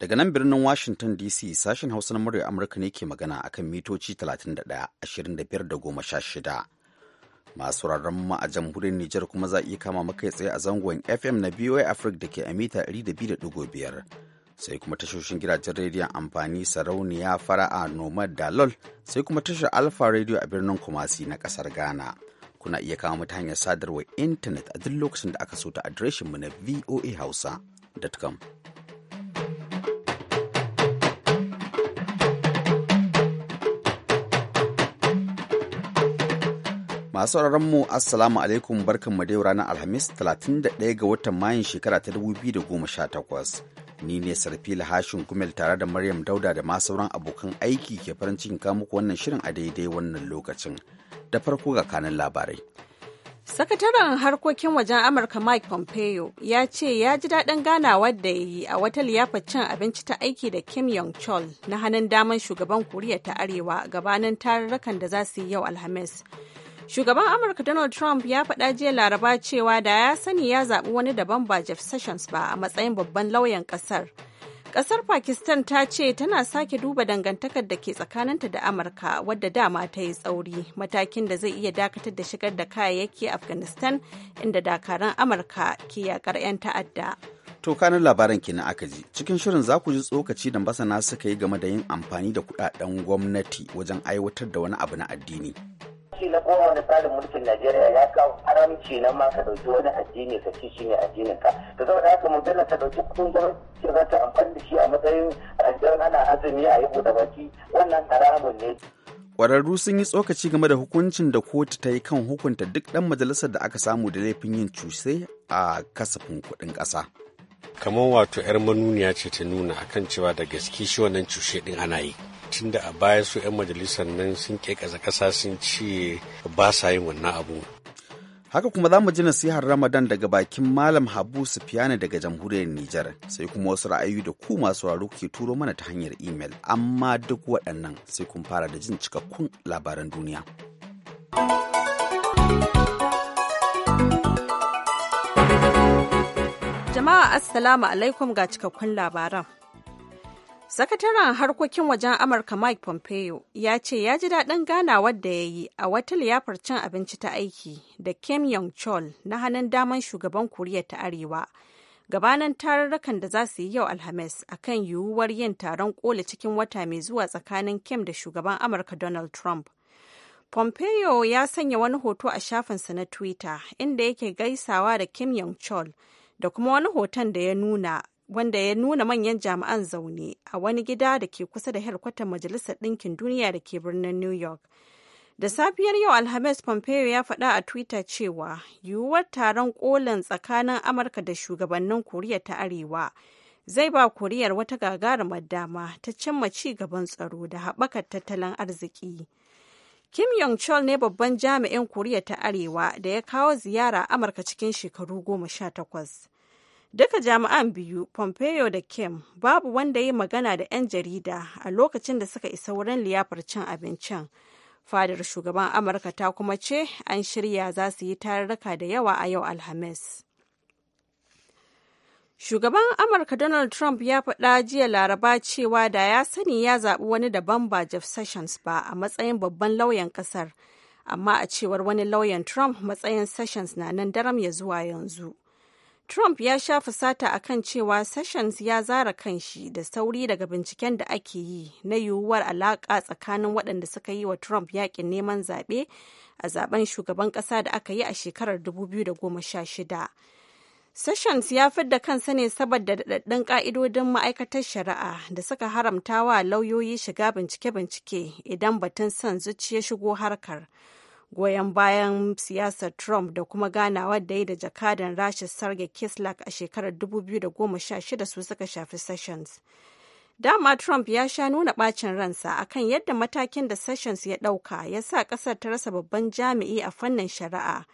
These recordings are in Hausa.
Daga nan birnin Washington DC sashen Hausa na murya Amurka ne ke magana akan mitoci 31, 25 da 16. Masu mu a jamhuriyar Nijar kuma za iya kama maka tsaye a zangon FM na BOA Africa da ke a mita 200.5. Sai kuma tashoshin gidajen rediyon amfani sarauniya fara'a nomad da lol sai kuma tashar Alfa Radio a birnin Kumasi na kasar Ghana. Kuna iya kama mata hanyar sadarwar intanet a duk lokacin da aka so ta adireshinmu na voahausa.com. Masu mu Assalamu alaikum barkan da yau ranar Alhamis 31 ga watan Mayun shekara ta 2018. Ni ne Sarfila Hashin Gumel tare da Maryam Dauda da masu sauran abokan aiki ke farin cikin muku wannan shirin a daidai wannan lokacin. Da farko ga kanan labarai. Sakataren harkokin wajen Amurka Mike Pompeo ya ce ya ji daɗin ganawar da ya yi a wata liyafar cin abinci ta aiki da Kim Yong Chol na hannun daman shugaban Koriya ta Arewa gabanin tarurrukan da za su yi yau Alhamis. Shugaban Amurka Donald Trump ya faɗa jiya Laraba cewa da ya sani ya zaɓi wani daban ba Jeff Sessions ba a matsayin babban lauyan ƙasar. Ƙasar Pakistan ta ce tana sake duba dangantakar da ke tsakaninta da Amurka wadda dama ta yi tsauri matakin da zai iya dakatar da shigar da kayayyaki Afghanistan inda dakaran Amurka ke yakar 'yan ta'adda. To kanin labaran kenan aka ji cikin shirin za ku ji tsokaci da masana suka yi game da yin amfani da kudaden gwamnati wajen aiwatar da wani abu na addini. sashi na goma na tsarin mulkin najeriya ya kawo haramci na ma ka ɗauki wani addini ka ci shi ne addinin ka zama saboda haka magana ta ɗauki kungiyar ce za ta amfani da shi a matsayin ajiyar ana azumi a yi buɗe baki wannan haramun ne. kwararru sun yi tsokaci game da hukuncin da kotu ta yi kan hukunta duk ɗan majalisar da aka samu da laifin yin cuse a kasafin kuɗin ƙasa. kamar wato 'yar manuniya ce ta nuna akan cewa da gaske shi wannan cushe ɗin ana yi da a baya su 'yan majalisar nan sun ke kasa sun ce ba sa yin wannan abu haka kuma za mu ji nasihar ramadan daga bakin malam habu sufiyani daga jamhuriyar nijar sai kuma wasu ra'ayoyi da ku masu raro ke turo mana ta hanyar imel amma duk waɗannan sai kun fara da jin cikakkun labaran duniya jama'a assalamu alaikum ga cikakkun labaran Sakataren harkokin wajen Amurka Mike Pompeo ya ce ya ji daɗin ganawar da ya yi a wata liyafar cin abinci ta aiki da Kim Yong Chol na hannun daman shugaban Koriya ta Arewa. Gabanin tararrakan da za su yi yau Alhamis a kan yiwuwar yin taron ƙola cikin wata mai zuwa tsakanin Kim da shugaban Amurka Donald Trump. Pompeo ya sanya wani hoto a shafinsa na Twitter inda yake gaisawa da Kim Yong Chol da kuma wani hoton da ya nuna wanda ya nuna manyan jami'an zaune a wani gida da ke kusa da helkwatar majalisar ɗinkin duniya da ke birnin new york da safiyar yau alhamis pompeo ya faɗa a twitter cewa yiwuwar taron kolin tsakanin amurka da shugabannin koriya ta arewa zai ba koriyar wata gagarumar dama ta cimma ci gaban tsaro da haɓakar tattalin arziki kim yong chol ne babban jami'in koriya ta arewa da ya kawo ziyara amurka cikin shekaru goma sha takwas Duka jami'an biyu, Pompeo da Kim, babu wanda ya magana da 'yan jarida a lokacin da suka isa wurin liyafar cin abincin. Fadar shugaban Amurka ta kuma ce an shirya za su yi tarurruka da yawa a yau Alhamis. Shugaban Amurka Donald Trump ya faɗa jiya Laraba cewa da ya sani ya zaɓi wani daban ba Jeff Sessions ba a matsayin babban lauyan ƙasar, amma a cewar wani lauyan Trump matsayin Sessions na nan daram ya zuwa yanzu. Trump ya sha fusata a kan cewa Sessions ya zara kanshi da sauri daga binciken da ake yi na yiwuwar alaƙa tsakanin waɗanda suka yi wa Trump yaƙin neman zaɓe a zaben shugaban ƙasa da aka yi a shekarar 2016. Sessions ya fidda kansa ne saboda daɗaɗɗun ƙa'idodin ma'aikatar shari'a da suka haramta wa lauyoyi shiga bincike-bincike idan batun son zuciya shigo harkar. goyon bayan siyasar Trump da kuma ganawa da yi da jakadan Rasha Sarge Kislak a shekarar 2016 su suka shafi Sessions. Dama Trump ya sha nuna bacin ransa a kan yadda matakin da Sessions ya ɗauka ya sa ƙasar ta rasa babban jami'i a fannin shari'a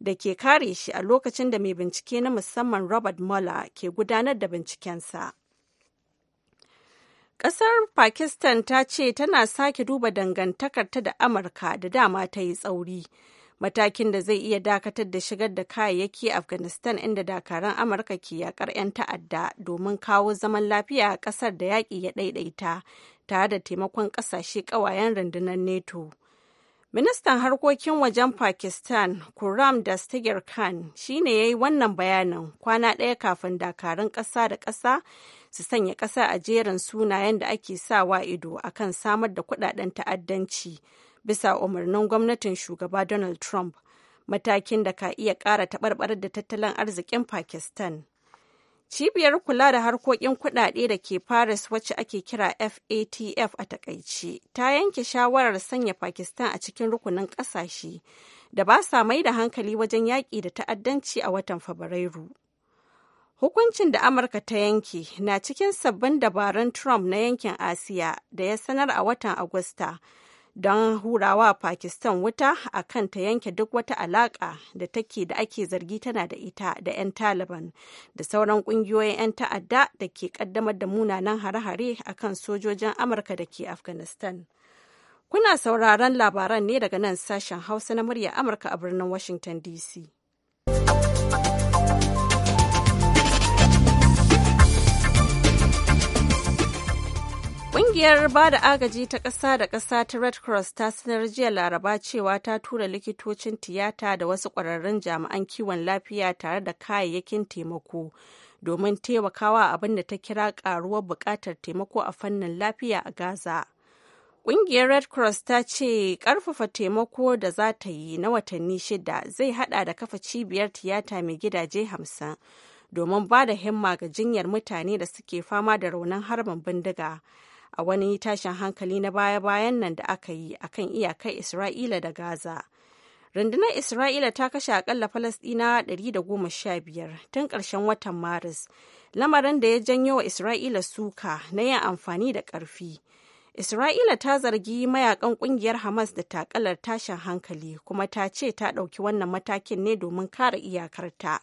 da ke kare shi a lokacin da mai bincike na musamman Robert Mueller ke gudanar da bincikensa. Ƙasar Pakistan ta ce tana sake duba dangantakarta da Amurka da dama ta yi tsauri. Matakin da zai iya dakatar da shigar da kayayyaki Afghanistan inda dakaran Amurka ke yakar 'yan ta'adda domin kawo zaman lafiya a ƙasar da yaƙi ya ɗaiɗaita tare da taimakon ƙasashe ƙawayen rundunar NATO. Ministan harkokin wajen Pakistan, Kuram Dastagir Khan, shine ne ya yi wannan bayanin kwana ɗaya kafin dakarun ƙasa da ƙasa su sanya ƙasa a jerin sunayen da ake sawa ido akan samar da kudaden ta'addanci bisa umarnin gwamnatin shugaba Donald Trump matakin da ka iya ƙara taɓarɓarar da tattalin arzikin Pakistan. Cibiyar kula da harkokin kuɗaɗe da ke Paris wacce ake kira FATF a takaice ta yanke shawarar sanya Pakistan a cikin rukunin ƙasashe da ba sa mai da hankali wajen yaƙi da ta'addanci a watan Fabrairu. Hukuncin da Amurka ta yanke na cikin sabbin dabarun Trump na yankin Asiya da ya sanar a watan Agusta don hurawa Pakistan wuta a kan ta yanke duk wata alaƙa da take da ake zargi tana da ita da 'yan Taliban da sauran ƙungiyoyin 'yan ta'adda da ke ƙaddamar da munanan hare-hare a kan sojojin Amurka da ke Afghanistan. Kuna sauraron labaran ne daga nan sashen Hausa na murya Amurka a birnin Washington DC. Ƙungiyar ba da agaji ta ƙasa da ƙasa ta Red Cross ta sanar jiya Laraba cewa ta tura likitocin tiyata da wasu ƙwararrun jami'an kiwon lafiya tare da kayayyakin taimako domin taimakawa abin da ta kira ƙaruwar buƙatar taimako a fannin lafiya a Gaza. Ƙungiyar Red Cross ta ce ƙarfafa taimako da za ta yi na watanni shida zai haɗa da kafa cibiyar tiyata mai gidaje hamsin. domin ba da himma ga jinyar mutane da suke fama da raunin harbin bindiga a wani tashin hankali na baya-bayan nan da aka yi a kan iyakar Isra'ila da Gaza. Rundunar Isra'ila ta kashe akalla Falasɗina 115 tun ƙarshen watan Maris, lamarin da ya janyo wa Isra'ila suka na yin amfani da ƙarfi. Isra'ila ta zargi mayakan ƙungiyar Hamas da takalar tashin hankali kuma ta ce ta ɗauki wannan matakin ne domin kare iyakarta.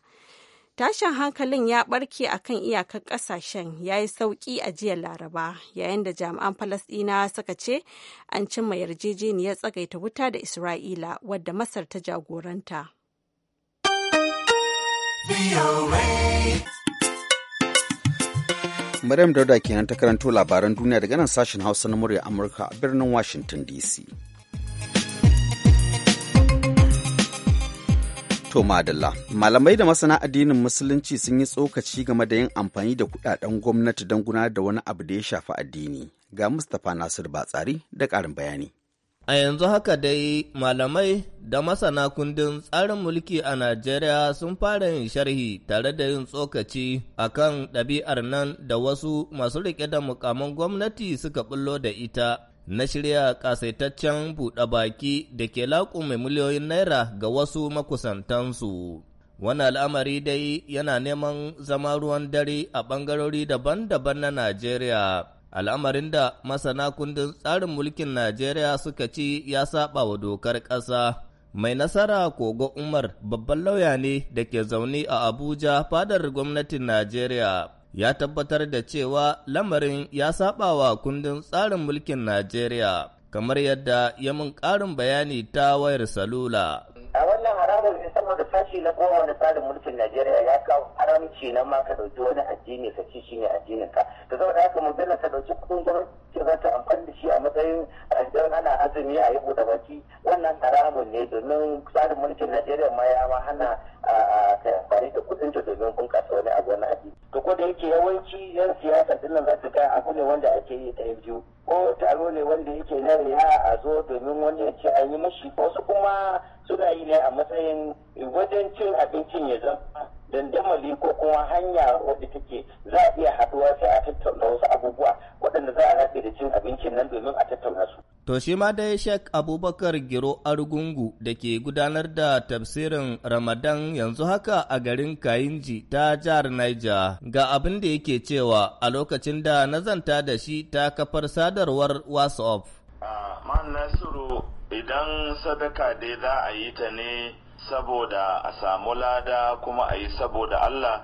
Tashin hankalin ya barke a kan iyakar kasashen ya yi sauƙi a jiya Laraba yayin da jami'an Falasɗina suka ce an cimma yarjejeniyar tsagaita wuta da Isra'ila wadda Masar ta jagoranta. Maryam Dauda kenan ta karanto labaran duniya daga nan sashen Hausa na murya Amurka a birnin Washington DC. To madalla, malamai da masana addinin musulunci sun yi tsokaci game da yin amfani da kudaden gwamnati don gudanar da wani abu da ya shafi addini. Ga Mustapha Nasir Batsari da ƙarin bayani. A yanzu haka dai malamai da masana kundin tsarin mulki a Najeriya sun fara yin sharhi tare da yin tsokaci a kan ɗabi'ar nan da wasu masu riƙe da mukaman gwamnati suka bullo da ita na shirya kasaitaccen buɗe baki da ke laƙume miliyoyin naira ga wasu makusantansu. Wani al'amari dai yana neman zama ruwan dare a ɓangarori daban-daban na Najeriya. Al'amarin da masana kundin tsarin mulkin Najeriya suka ci ya saba wa dokar ƙasa. Mai nasara Kogo Umar babban lauya ne da ke zaune a Abuja fadar gwamnatin Najeriya. ya tabbatar da cewa lamarin ya saba wa kundin tsarin mulkin Najeriya, kamar yadda ya mun ƙarin bayani ta wayar salula. A ce na goma na tsarin mulkin Najeriya ya kawo haramci na ma ka ɗauki wani addini ka ci ne addinin ka zama da haka mu dalla ka ɗauki kudin ka za ta amfani da shi a matsayin idan ana azumi a yi buɗe baki wannan haramun ne domin tsarin mulkin Najeriya ma ya ma hana ka amfani da kuɗin ta domin bunƙasa wani abu wani addini to ko da yake yawanci yan siyasa dinnan za su kai abu ne wanda ake yi ta biyu ko taro ne wanda yake na riya a zo domin wani ya ce an yi mashi wasu kuma suna yi ne a matsayin wajen cin abincin ya zama dandamali ko kuma hanya wadda take za a iya haduwa ta a tattauna wasu abubuwa waɗanda za a rafe da cin abincin nan domin a tattauna su. To shi ma dai Sheikh Abubakar Giro Argungu da ke gudanar da tafsirin Ramadan yanzu haka a garin Kayinji ta jihar Niger ga abin da yake cewa a lokacin da nazanta da shi ta kafar sadarwar WhatsApp. Uh, ah, man Nasiru idan sadaka dai za a yi ta ne saboda a samu lada kuma a yi saboda Allah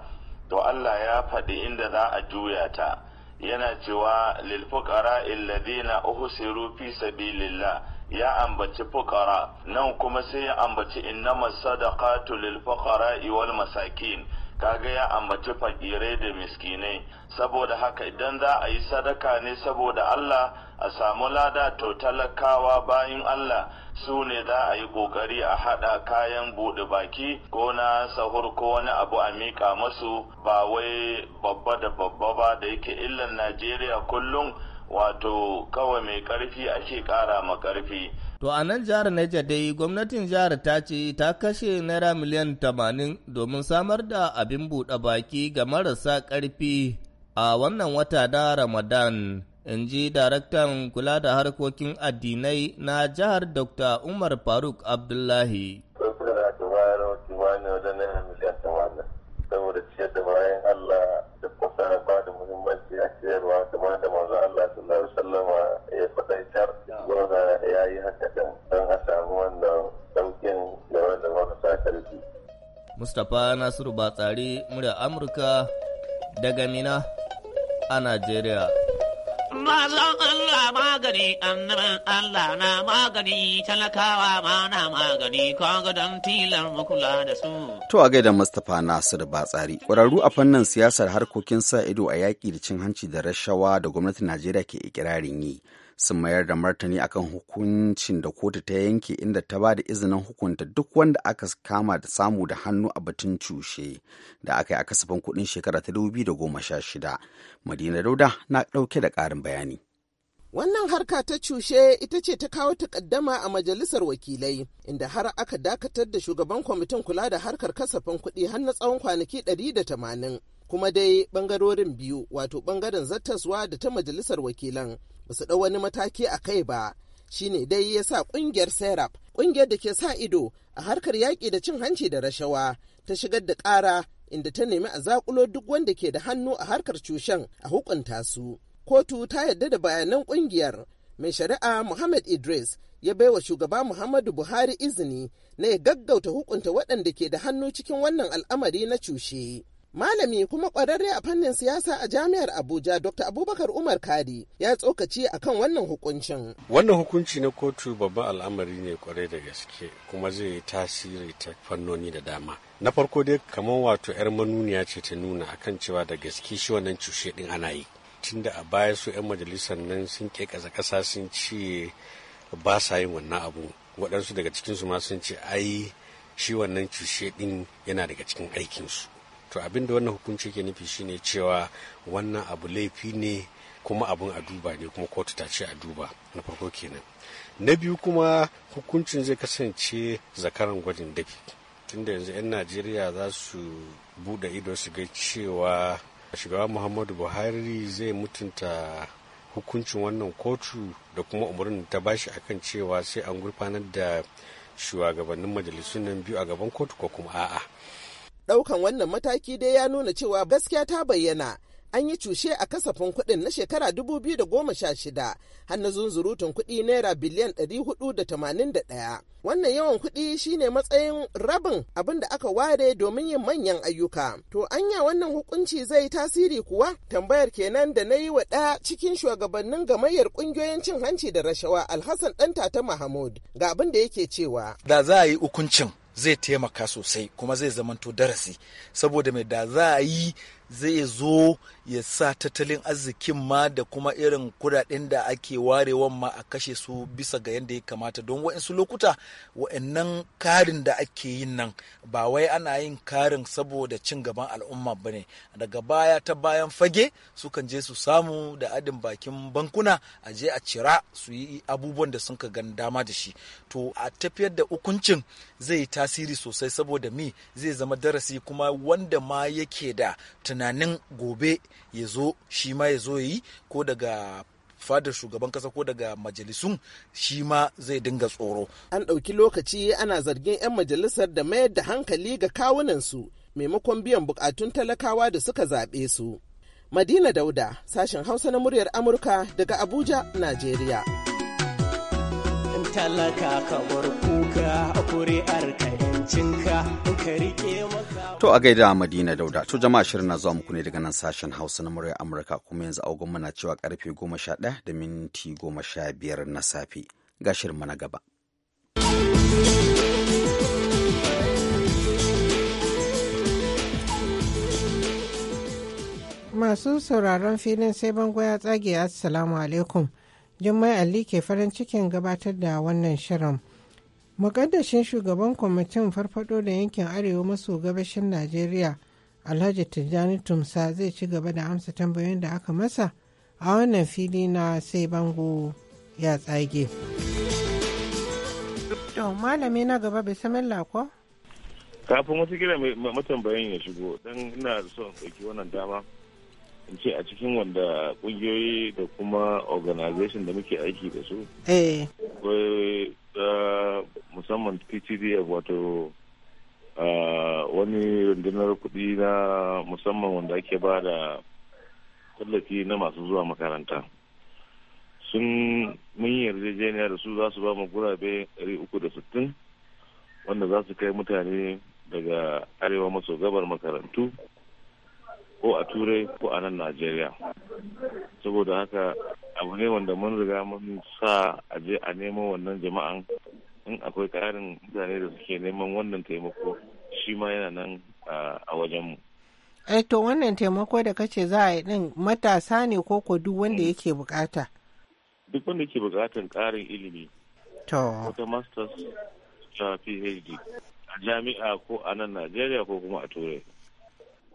to Allah ya faɗi inda za a juya ta yana cewa lil fuqara alladhina uhsiru fi sabilillah ya ambaci fuqara nan kuma sai ya ambaci innamas sadaqatu lil fuqara wal masakin ka kaga ya ambaci fakirai da miskinai saboda haka idan za a yi sadaka ne saboda Allah a samu lada to talakawa bayan Allah su ne za a yi kokari a hada kayan buɗe baki ko na sahur ko wani abu a mika masu ba wai babba da babba ba da yake illan Najeriya kullum wato kawai mai ƙarfi ake ƙara ma ƙarfi. To a nan jihar Niger dai gwamnatin jihar ta ce ta kashe naira miliyan tamanin domin samar da abin buɗe baki ga marasa ƙarfi a wannan wata na Ramadan. In ji daraktan kula da harkokin addinai na jihar Dr. Umar Faruk Abdullahi. Mustapha Nasiru Batsari murya Amurka daga Mina a Najeriya. Mazan Allah magani, annabin Allah na magani, talakawa ma na magani, kaga don tilar makula da su. To a gaida Mustapha Nasiru Batsari, ƙwararru a fannin siyasar harkokin sa ido a yaƙi da cin hanci da rashawa da gwamnatin Najeriya ke ikirarin yi. sun mayar da martani akan hukuncin da kotu ta yanke inda ta ba da izinin hukunta duk wanda aka kama da samu da hannu a batun cushe da aka yi a kasafin kudin shekara ta shida madina dauda na dauke da karin bayani Wannan harka ta cushe ita ce ta kawo takaddama a majalisar wakilai, inda har aka dakatar da shugaban kwamitin kula da harkar kasafin kuɗi har na tsawon kwanaki 180. Kuma dai bangarorin biyu, wato bangaren zattaswa da ta majalisar wakilan ba su ɗau wani mataki a kai ba shi ne dai ya sa ƙungiyar serap ƙungiyar da ke sa ido a harkar yaƙi da cin hanci da rashawa ta shigar da ƙara inda ta nemi a zakulo duk wanda ke da hannu a harkar cushen a hukunta su. Kotu ta yarda da bayanan ƙungiyar, mai shari'a Muhammad Idris ya baiwa shugaba Muhammadu Buhari izini na ya gaggauta hukunta waɗanda ke da hannu cikin wannan al'amari na cushe. Malami kuma kwararre a fannin siyasa a jami'ar Abuja Dr. Abubakar Umar Kadi ya tsokaci akan wannan hukuncin. Wannan hukunci na kotu babban al'amari ne kwarai da gaske kuma zai yi tasiri ta fannoni da dama. Na farko dai kamar wato 'yar manuniya ce ta nuna akan cewa da gaske shi wannan cushe din ana yi. Tunda a baya su 'yan majalisar nan sun ke ƙasa ƙasa sun ce ba sa yin wannan abu. Waɗansu daga cikinsu ma sun ce ai shi wannan cushe din yana daga cikin aikinsu. to abin da wannan hukunci ke nufi shine cewa wannan abu laifi ne kuma abin a duba ne kuma kotu ta ce a duba na farko kenan na biyu kuma hukuncin zai kasance zakaran gwajin dafi tunda yanzu 'yan najeriya za su buɗe ido su ga cewa shugaba muhammadu buhari zai mutunta hukuncin wannan kotu da kuma umarnin ta bashi akan cewa sai an gurfanar da shugabannin majalisun nan biyu a gaban kotu ko kuma a'a Daukan wannan mataki dai ya nuna cewa gaskiya ta bayyana. An yi cushe a kasafin kuɗin na shekara 2016 shida, zunzurutun kuɗi naira biliyan 481. Wannan yawan kuɗi shine matsayin rabin abin da aka ware domin yin manyan ayyuka. To anya wannan hukunci zai tasiri kuwa? Tambayar kenan da na yi wa ɗaya cikin shugabannin gamayyar ƙungiyoyin cin hanci da rashawa Alhassan ta Mahamud ga abin da yake cewa. Da za a yi hukuncin zai taimaka sosai kuma zai zamanto darasi saboda mai da za a yi zai zo ya sa tattalin arzikin ma da kuma irin kudaden da ake warewan ma a kashe su bisa ga yadda ya kamata don waɗansu lokuta waɗannan karin da ake yin nan ba wai ana yin karin saboda cin gaban al'umma ba ne daga baya ta bayan fage sukan je su samu da adin bakin bankuna a je a cira su yi abubuwan da sun ka gan dama da shi to a tafiyar da hukuncin zai tasiri sosai saboda mi zai zama darasi kuma wanda ma yake da tunanin gobe ya zo shi ma ya zo yi ko daga fadar shugaban kasa ko daga majalisun shi ma zai dinga tsoro. An ɗauki lokaci ana zargin 'yan majalisar da mayar da hankali ga kawunansu maimakon biyan bukatun talakawa da suka zaɓe su. Madina Dauda, sashen Hausa na muryar Amurka daga Abuja, Najeriya. talaka ka bar kuka kuri'ar ka yancinka ka rike maka to a gaida madina dauda to jama'a shirin na zuwa muku ne daga nan sashen hausa na murya amurka kuma yanzu agogon muna cewa karfe goma sha ɗaya da minti goma sha biyar na safe ga shirin na gaba masu sauraron filin sai bango ya tsage assalamu alaikum Jummai Ali ke farin cikin gabatar da wannan shirin. Mukaddashin shugaban kwamitin farfado da yankin Arewa maso gabashin Najeriya, Alhaji Tijjani Tumsa zai ci gaba da amsa tambayoyin da aka masa a wannan fili na sai bango ya tsage. malami na gaba bai samun lako. Kafin wasu gina matambayin ya shigo, don ina son ɗauki wannan dama. in ce a cikin wanda kungiyoyi da kuma organization da muke aiki da su eh. uh, musamman ptdf wato uh, wani rundunar kudi na musamman wanda ake ba da tallafi na masu zuwa makaranta sun mun yi yarjejeniya da su za su ba mu gurabe 360 wanda za su kai mutane daga arewa maso gabar makarantu ko a turai ko a nan najeriya saboda haka abu ne wanda mun riga mun sa a je a nemo wannan jama'an in akwai karin mutane da suke neman wannan taimako shi ma yana nan a wajenmu eh to wannan taimako da kace za a yi din matasa ne ko ko duk wanda mm. yake bukata duk wanda yake bukatan karin ilimi to wata masters ta phd a jami'a ko a nan najeriya ko kuma a turai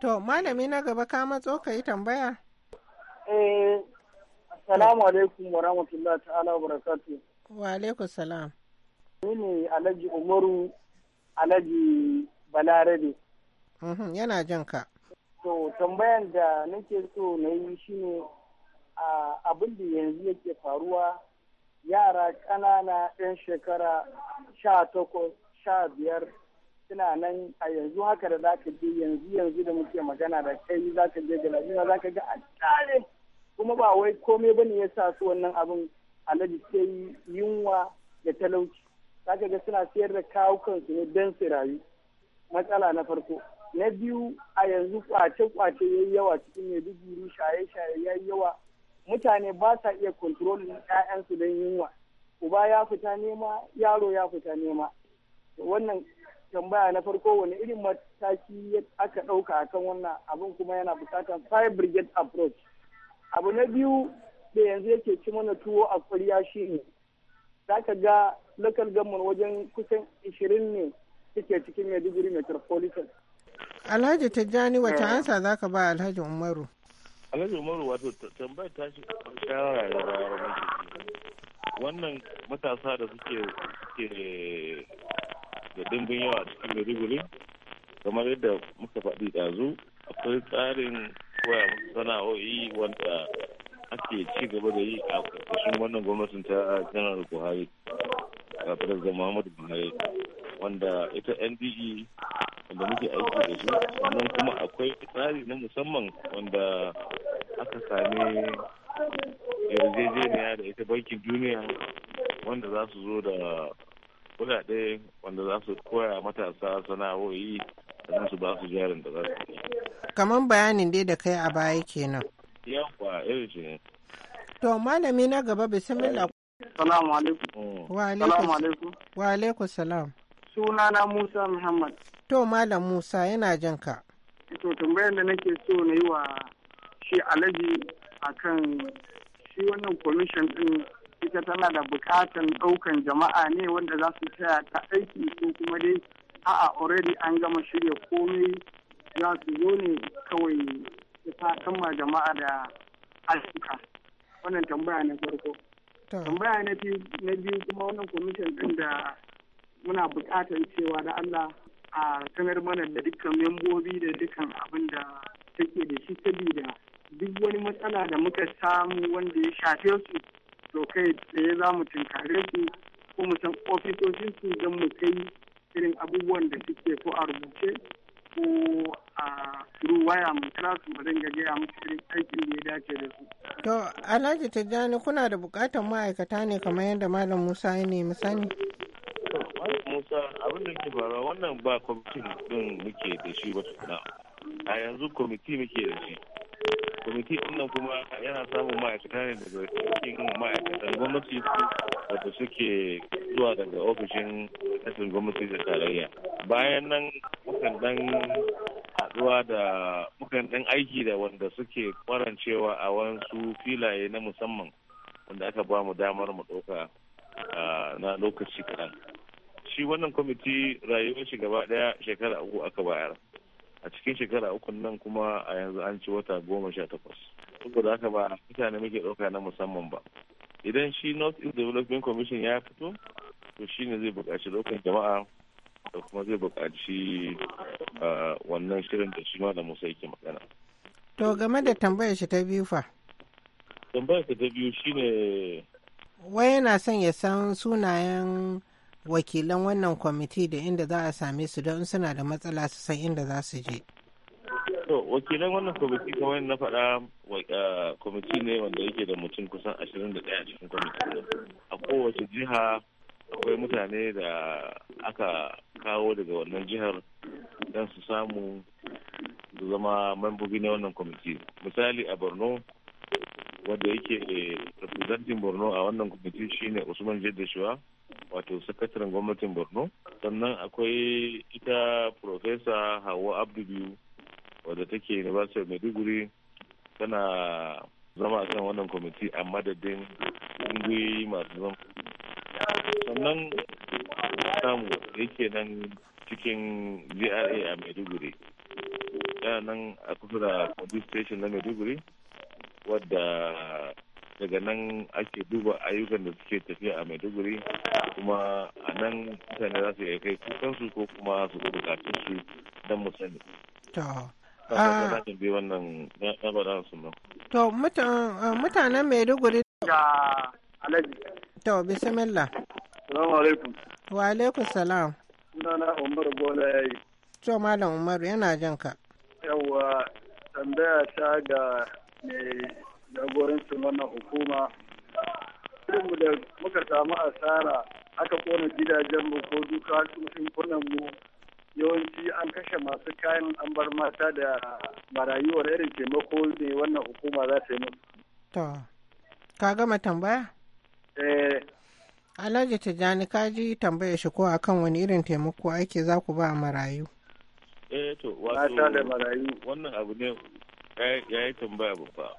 To, malami na gaba ka matso ka yi tambaya? Eh, assalamu alaikum wa rahmatullahi ta'ala wa Wa alaikum salam. Ni ne Alhaji Umaru Alhaji Balarabe. Mhm, yana jin ka. To, tambayan da nake so na yi shi ne abin da yanzu yake faruwa yara ƙanana 'yan shekara sha takwas, sha biyar, suna nan a yanzu haka da zaka je yanzu yanzu da muke magana da kai zaka je za zaka ga a tare kuma ba wai komai bane ya sa su wannan abin alaji sai yunwa da talauci zaka ga suna sayar da kawukansu su ne dan su rayu matsala na farko na biyu a yanzu kwace kwace yayi yawa cikin mai duk shaye shaye yayi yawa mutane ba sa iya kontrolin 'ya'yansu don yunwa uba ya fita nema yaro ya fita nema wannan tambaya na farko wani irin mataki aka ɗauka akan wannan abin kuma yana bukatar fire brigade approach abu na biyu da yanzu yake ci mana tuwo a kwariya shi ne za ka ga local government wajen kusan 20 ne suke cikin maiduguri metropolitan alhaji jani wata eh. ansa za ka ba alhaji umaru alhaji umaru wato tambayar ta shi da wannan matasa da suke da dimbin yawa a cikin maiduguri kamar yadda muka faɗi ɗazu akwai tsarin koya musu sana'o'i wanda ake ci gaba da yi a ƙarƙashin wannan gwamnatin ta janar buhari a firar muhammadu buhari wanda ita nde wanda muke aiki da su sannan kuma akwai tsari na musamman wanda aka sami yarjejeniya da ita bankin duniya wanda za su zo da kuɗaɗe wanda za su koya matasa sana'o'i sannan su ba su jarin da za su yi. Kamar bayanin dai da kai a baya kenan. Yawwa irin shi ne. To malami na gaba bismillah. Salamu alaikum. Mm. Wa alaikum. Wa Suna salam. Musa Muhammad. To malam Musa yana jin ka. To tambayar da nake so na yi wa shi alaji akan shi wannan commission din ita tana da bukatan ɗaukan jama'a ne wanda za su taya ta aiki ko kuma dai a'a already an gama shirya komai za su zo ne kawai ta kama jama'a da ayyuka wannan tambaya na farko tambaya na biyu kuma wannan kwamishin ɗin da muna buƙatar cewa da Allah a sanar mana da dukkan membobi da dukkan abin da take da shi sabida duk wani matsala da muka samu wanda ya shafe su to kai tsaye za mu tinkare su ko mu san ofisoshin su don mu kai irin abubuwan da suke ko a rubuce ko a through waya mu kira su mu dinga gaya musu irin aikin da ya dace da su. To Alhaji Tijjani kuna da bukatar ma'aikata ne kamar yadda Malam Musa ya nemi sani. Musa abin da ke faruwa wannan ba kwamitin din muke da shi wata a yanzu kwamiti muke da shi. kwamiti ɗin kuma yana samun ma'aikata ne daga cikin ma'aikatan gwamnati wato suke zuwa daga ofishin nasin gwamnati da tarayya bayan nan mukan dan haɗuwa da mukan dan aiki da wanda suke kwarancewa a wasu filaye na musamman wanda aka ba mu damar mu ɗauka na lokaci kaɗan shi wannan kwamiti rayuwar shi gaba ɗaya shekara uku aka bayar a cikin shekara uku nan kuma a yanzu an ci wata goma sha takwas saboda haka ba mutane muke ɗauka na musamman ba idan shi north east development commission ya fito to shi ne zai buƙaci ɗaukan jama'a da kuma zai buƙaci wannan shirin da shi da musa yake magana to game da tambayar shi ta biyu fa tambayar ta biyu shine wai yana son ya san sunayen wakilan wannan kwamiti da inda za a same su don suna da matsala su san inda za su je to wakilan wannan kwamiti kamar na faɗa kwamiti ne wanda yake da mutum kusan ashirin da ɗaya cikin kwamiti a kowace jiha akwai mutane da aka kawo daga wannan jihar don su samu su zama mambobi na wannan kwamiti misali a borno wanda yake representing borno a wannan kwamiti shine usman jaddashuwa wato sakataren gwamnatin borno sannan akwai ita profesa hawa abdu wadda take university maiduguri tana zama a kan wannan kwamiti a madadin ƙungiyoyi masu zama sannan samu yake nan cikin gra a maiduguri yana nan a kusa da police station na maiduguri wadda daga nan ake duba ayyukan da suke tafiya a maiduguri kuma a nan mutane za su iya kai kukansu ko kuma su bukatun su don mu sani to ah. mutanen maiduguri da alaji to bismillah salamu alaikum wa alaikum salam sunana umar bola ya yi to malam umaru yana jinka yawwa tambaya ta ga mai jagorancin wannan hukuma mu da muka samu asara aka kona gidajen mu ko duka tutun kunan mu yawanci an kashe masu kayan an bar mata da marayuwar irin taimako ne wannan hukuma za ta yi mutu. To, ka gama tambaya? Eh. Alhaji Tijjani ka ji tambaya shi ko akan wani irin taimako ake za ku ba marayu? Eh to, wato, mata da marayu. Wannan abu ne ya yi tambaya babba.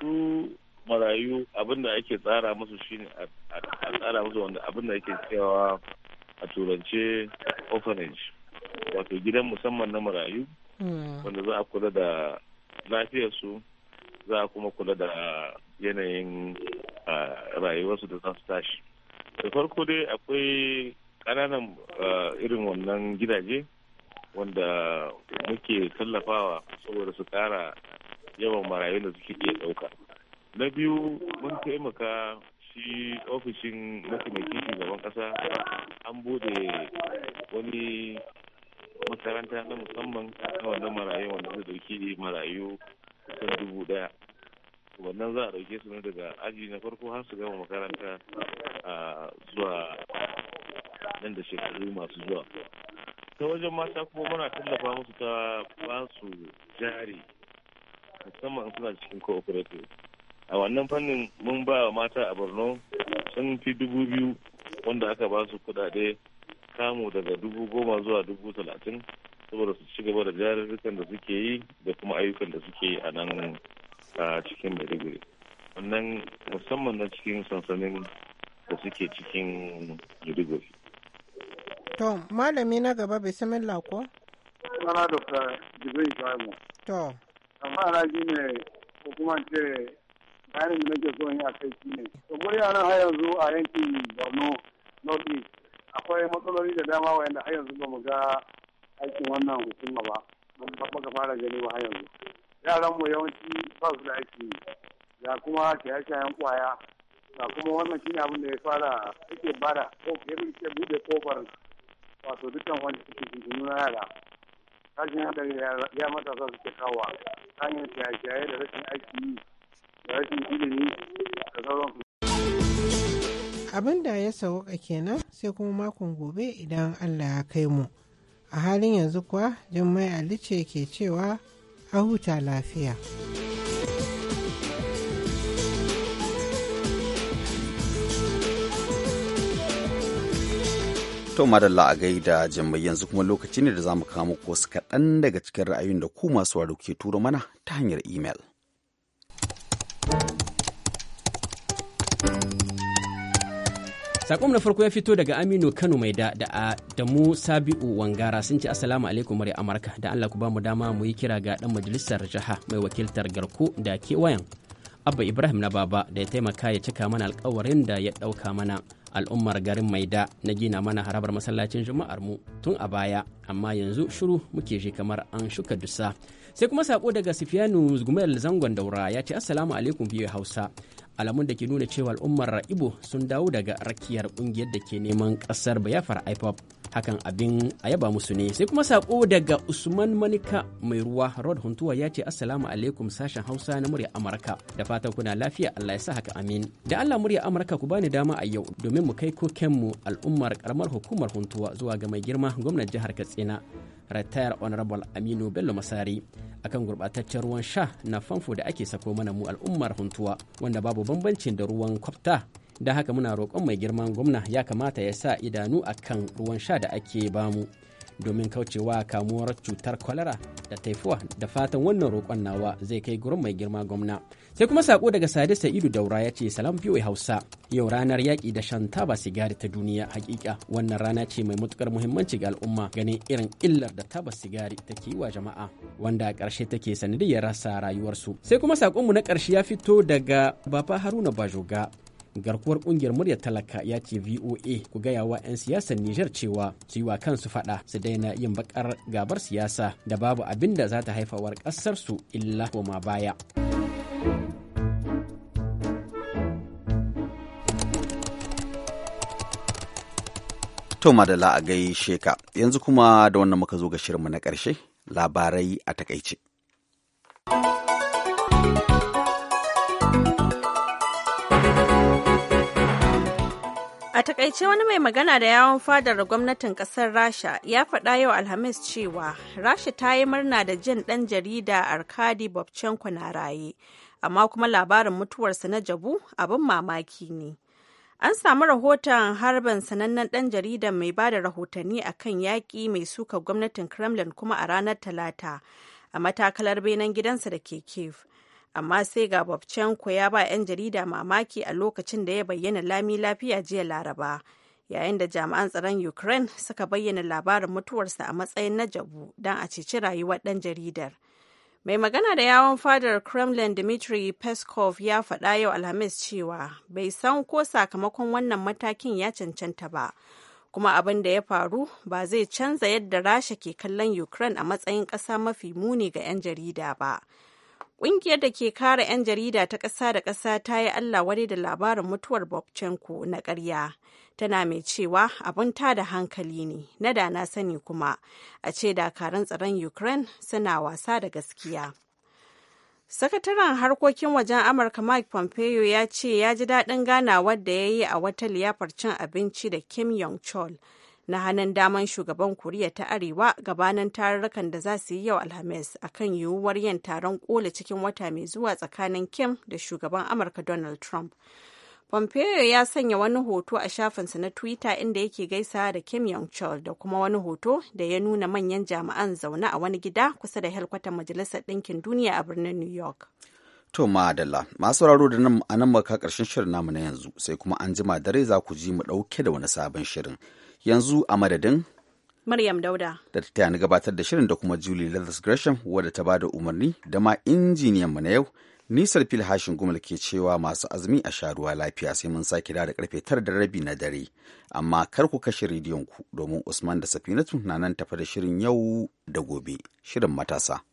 su marayu abin da ake tsara musu shine a tsara musu wanda abin ake cewa a turance orphanage wato gidan musamman na marayu hmm. wanda za a kula da lafiyarsu za a kuma kula da yanayin rayuwarsu da za su tashi da farko dai akwai kananan irin wannan gidaje wanda muke tallafawa saboda su kara. yawan marayu da suke iya ɗauka na biyu mun taimaka shi ofishin mataimakin shugaban ƙasa an bude wani makaranta na musamman na wannan marayu wanda zai dauki marayu kusan dubu daya wannan za a dauke su ne daga aji na farko har su gama makaranta a zuwa nan da shekaru masu zuwa ta wajen mata kuma muna tallafa musu ta basu jari musamman suna cikin cooperative a wannan fannin mun ba wa mata a borno sun fi dubu biyu wanda aka ba su kudade kamu daga dubu goma zuwa dubu talatin saboda su ci gaba da jarurrukan da suke yi da kuma ayyukan da suke yi a nan a cikin maiduguri wannan musamman na cikin sansanin da suke cikin maiduguri to malami na gaba bisimila ko sana da jibril ibrahim to kamara ji ne kuma ce bayanin da nake so yi a kai shi ne to guri a nan har yanzu a yankin borno north east akwai matsaloli da dama wayanda har yanzu ba mu ga aikin wannan hukuma ba ba ka fara gani ba har yanzu yaran mu yawanci ba su da aiki ga kuma shaye-shayen kwaya ga kuma wannan ya fara na yara ya matasa hanyar da rashin aiki da rashin ilimi da Abin da ya sauka kenan sai kuma makon gobe idan Allah ya kai mu. A halin yanzu kuwa jimma'i alice ce ke cewa a huta lafiya. To madalla a gaida jimbai yanzu kuma lokaci ne da za mu kawo muku wasu kaɗan daga cikin ra'ayoyin da ku masu waro ke turo mana ta hanyar imel. Sakon na farko ya fito daga Aminu Kano mai da da Adamu Sabi'u Wangara sun ce asalamu alaikum murya Amurka da Allah ku ba mu dama mu yi kira ga ɗan majalisar jiha mai wakiltar garko da kewayen Abba Ibrahim na baba da ya taimaka ya cika mana alkawarin da ya ɗauka mana al'ummar garin maida na gina mana harabar masallacin juma'ar mu tun a baya amma yanzu shiru muke ji kamar an shuka dusa sai kuma sako daga sifiyanu gumel zangon daura ya ce assalamu alaikum biyu hausa alamun da ke nuna cewa al'ummar ibo sun dawo daga rakiyar kungiyar da ke neman kasar bayafar ipop hakan abin a yaba musu ne sai kuma sako daga usman manika mai ruwa rod huntuwa ya ce assalamu alaikum sashen hausa na murya amurka da fatan kuna lafiya allah ya sa haka amin da allah murya amurka ku bani dama a yau domin mu kai kokenmu al'ummar karamar hukumar huntuwa zuwa ga mai girma gwamnan jihar katsina retired honorable aminu bello masari akan gurɓataccen ruwan sha na famfo da ake sako mana mu al'ummar huntuwa wanda babu bambancin da ruwan kwafta da haka muna roƙon mai girman gwamna ya kamata ya sa idanu akan ruwan sha da ake bamu domin kaucewa kamuwar cutar kwalara da taifuwa da fatan wannan roƙon nawa zai kai gurin mai girma gwamna sai kuma sako daga sade sa'idu daura ya ce salam biyu hausa yau ranar yaƙi da shan taba sigari ta duniya hakika wannan rana ce mai matukar muhimmanci ga al'umma ganin irin illar da taba sigari take yi wa jama'a wanda a ƙarshe take sanadiyar rasa rayuwarsu sai kuma sakonmu na ƙarshe ya fito daga baba haruna bajoga garkuwar kungiyar muryar talaka ya ce voa ku gaya wa 'yan siyasar nijar cewa su yi wa kansu fada su daina yin bakar gabar siyasa da babu abin da za ta haifawar kasar su illa koma baya To madalla a gai sheka yanzu kuma da wannan muka zo ga shirinmu na ƙarshe labarai a takaice. A takaice wani mai magana da yawon fadar gwamnatin kasar Rasha ya faɗa yau Alhamis cewa Rasha ta yi murna da jin ɗan jarida Arkady Bobchenko na raye, amma kuma labarin mutuwarsa na jabu abin mamaki ne. An samu rahoton harbin sanannen ɗan jarida mai ba da rahotanni a kan yaƙi mai suka gwamnatin Kremlin kuma a ranar Talata a matakalar benen gidansa da ke Kiev. amma sai ga Babchenko ya ba 'yan jarida mamaki a lokacin da ya bayyana lami lafiya jiya Laraba, yayin da jami'an tsaron Ukraine suka bayyana labarin mutuwarsa a matsayin na jabu don a ceci rayuwar ɗan jaridar. Mai magana da yawon fadar Kremlin Dmitry Peskov ya faɗa yau Alhamis cewa bai san ko sakamakon wannan matakin ya cancanta ba. kuma abin da ya faru ba zai canza yadda rasha ke kallon ukraine a matsayin ƙasa mafi muni ga 'yan jarida ba Ƙungiyar da ke kare 'yan jarida ta ƙasa da ƙasa ta yi Allah wani da labarin mutuwar Bobchenko na ƙarya. Tana mai cewa abin ta da hankali ne, na da na sani kuma, a ce dakarun tsaron Ukraine suna wasa da gaskiya. Sakataren harkokin wajen Amurka Mike Pompeo ya ce ya ji daɗin ganawar da ya yi a wata liyafar cin abinci da Kim Yong-chol. na hannun daman shugaban koriya ta arewa gabanin tarurrukan da za su yi yau alhamis a kan yiwuwar yin taron kola cikin wata mai zuwa tsakanin kim da shugaban amurka donald trump pompeo ya sanya wani hoto a shafinsa na twitter inda yake gaisa da kim yong chol da kuma wani hoto da ya nuna manyan jami'an zaune a wani gida kusa da helkwatar majalisar ɗinkin duniya a birnin new york To madalla masu sauraro da nan a nan karshen shirin namu na yanzu sai kuma an jima dare za ku ji mu ɗauke da wani sabon shirin yanzu a madadin Maryam Dauda. Da ta tayani gabatar da shirin da kuma Julie Leathers Gresham wadda ta ba da umarni da ma injiniyan mu na yau. Nisar fil hashin gumal ke cewa masu azumi a sharuwa lafiya sai mun sake da karfe tara da rabi na dare. Amma kar ku kashe rediyon ku domin Usman da Safinatu na nan tafa da shirin yau da gobe, shirin matasa.